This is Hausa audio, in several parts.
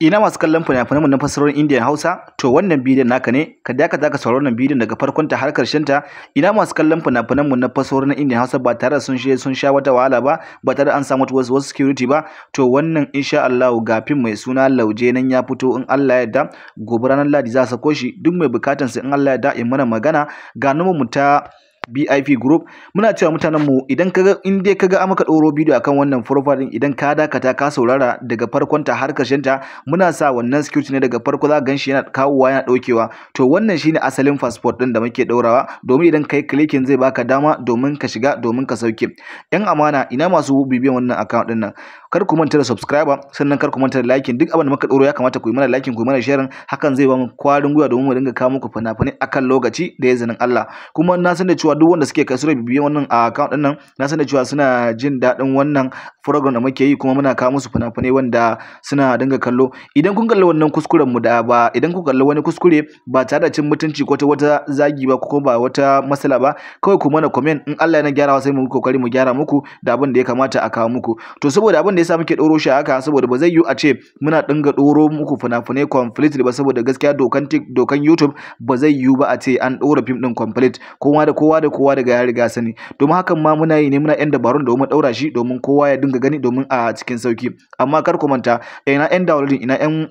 Ina masu kallon fina-finan na fasarorin Indian Hausa? To wannan bidiyon naka ne, ka dakata ka saurari wannan bidiyon daga farkon ta har karshen ta. Ina masu kallon fina-finan mu na fasarorin Indian Hausa ba tare da sun sun sha wata wahala ba, ba tare da an samu wasu wasu security ba. To wannan insha Allah gafin mai suna Lauje nan ya fito in Allah ya yarda, gobe ranar Ladi za a sako shi, duk mai bukatan sa in Allah ya yarda in mana magana ga mu ta BIP group muna cewa mutanen mu idan kaga in dai kaga maka doro bidiyo akan wannan profile idan ka dakata ka saurara daga farkon ta har karshen ta muna sa wannan security ne daga farko za ka ganshi yana kawowa yana daukewa to wannan shine asalin passport din da muke daurawa domin idan kai clicking zai baka dama domin ka shiga domin ka sauke yan amana ina masu bibiyan wannan account din nan kar ku manta da subscriber sannan kar ku manta da liking duk abin da muka doro ya kamata ku yi mana liking ku yi mana sharing hakan zai ba mu kwarin gwiwa domin mu dinga kawo muku fina-finai akan lokaci da ya zanen Allah kuma na san da cewa duk wanda suke kasuwar bibiyan wannan ah, account ɗin nan na san da cewa suna jin daɗin wannan program da muke yi kuma muna kawo musu fina-finai wanda suna dinga kallo idan kun kalli wannan kuskuren mu da ba idan kun kalli wani kuskure ba tare da cin mutunci ko ta wata zagi ba ko ba wata matsala ba kawai ku mana comment in Allah ya na gyarawa sai mu kokari mu gyara muku da abin da ya kamata a kawo muku to saboda abin da yasa muke ɗoro shi haka saboda ba zai yiwu a ce muna dinga ɗoro muku fina-finai complete ba saboda gaskiya dokan dokan YouTube ba zai yiwu ba a ce an ɗora fim ɗin complete kowa da kowa da kowa daga ya riga sani domin hakan ma muna yi ne muna yan dabarun domin ɗaura shi domin kowa ya dinga gani domin a cikin sauki amma kar ku manta eh, ina yan downloading ina yan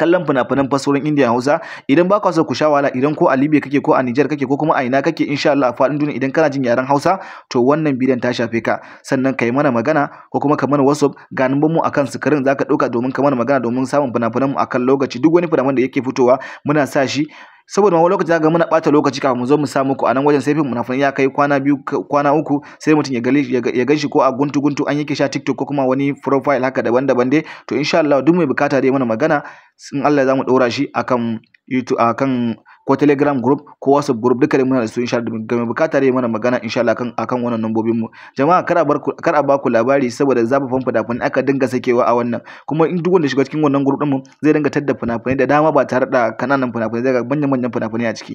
kallon fina-finan fasorin indiya hausa idan ba ka so ku sha wahala idan ko a libya kake ko a nijar kake ko kuma a ina kake insha Allah a faɗin duniya idan kana jin yaren hausa to wannan bidiyon ta shafe ka sannan ka yi mana magana ko kuma ka mana whatsapp ga mu akan sikirin ka ɗauka domin ka mana magana domin samun fina-finan mu akan lokaci duk wani fina da yake fitowa muna sa shi saboda wani lokaci zaka ga muna ɓata lokaci kafin mu zo mu sa muku a nan wajen sai fim munafin ya kai kwana biyu kwana uku sai mutum ya gali ya ganshi ko a guntu guntu an yake sha TikTok ko kuma wani profile haka daban-daban dai to insha Allah duk mai bukata dai mana magana in Allah za mu ɗora shi akan YouTube akan ko telegram group ko whatsapp group duka dai muna da su insha Allah ga mai bukata dai mana magana insha Allah kan akan wannan nambobin mu jama'a kar a bar kar a ba ku labari saboda zafafan fina kun aka dinga sakewa a wannan kuma in duk wanda shiga cikin wannan group din mu zai dinga tadda fina-finai da dama ba tare da kananan fina-finai daga manyan manyan fina-finai a ciki